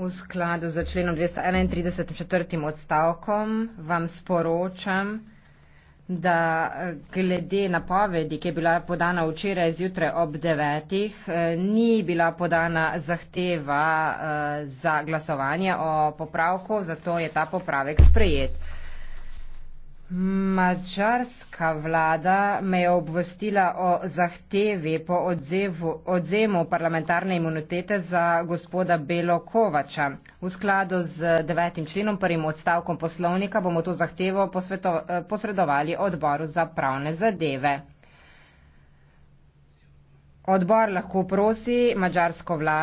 V skladu z členom 231. četrtim odstavkom vam sporočam, da eh, glede napovedi, ki je bila podana včeraj zjutraj ob devetih, eh, ni bila podana zahteva eh, za glasovanje o popravku, zato je ta popravek sprejet. Hmm mačarska vlada me je obvestila o zahtevi po odzevu, odzemu parlamentarne imunitete za gospoda Belo Kovača. V skladu z devetim členom prvim odstavkom poslovnika bomo to zahtevo posveto, eh, posredovali odboru za pravne zadeve. Odbor lahko prosi mačarsko vlado.